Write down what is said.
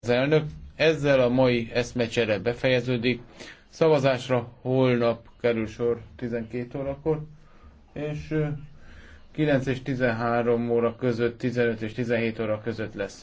az elnök. Ezzel a mai eszmecsere befejeződik. Szavazásra holnap kerül sor 12 órakor, és 9 és 13 óra között, 15 és 17 óra között lesz.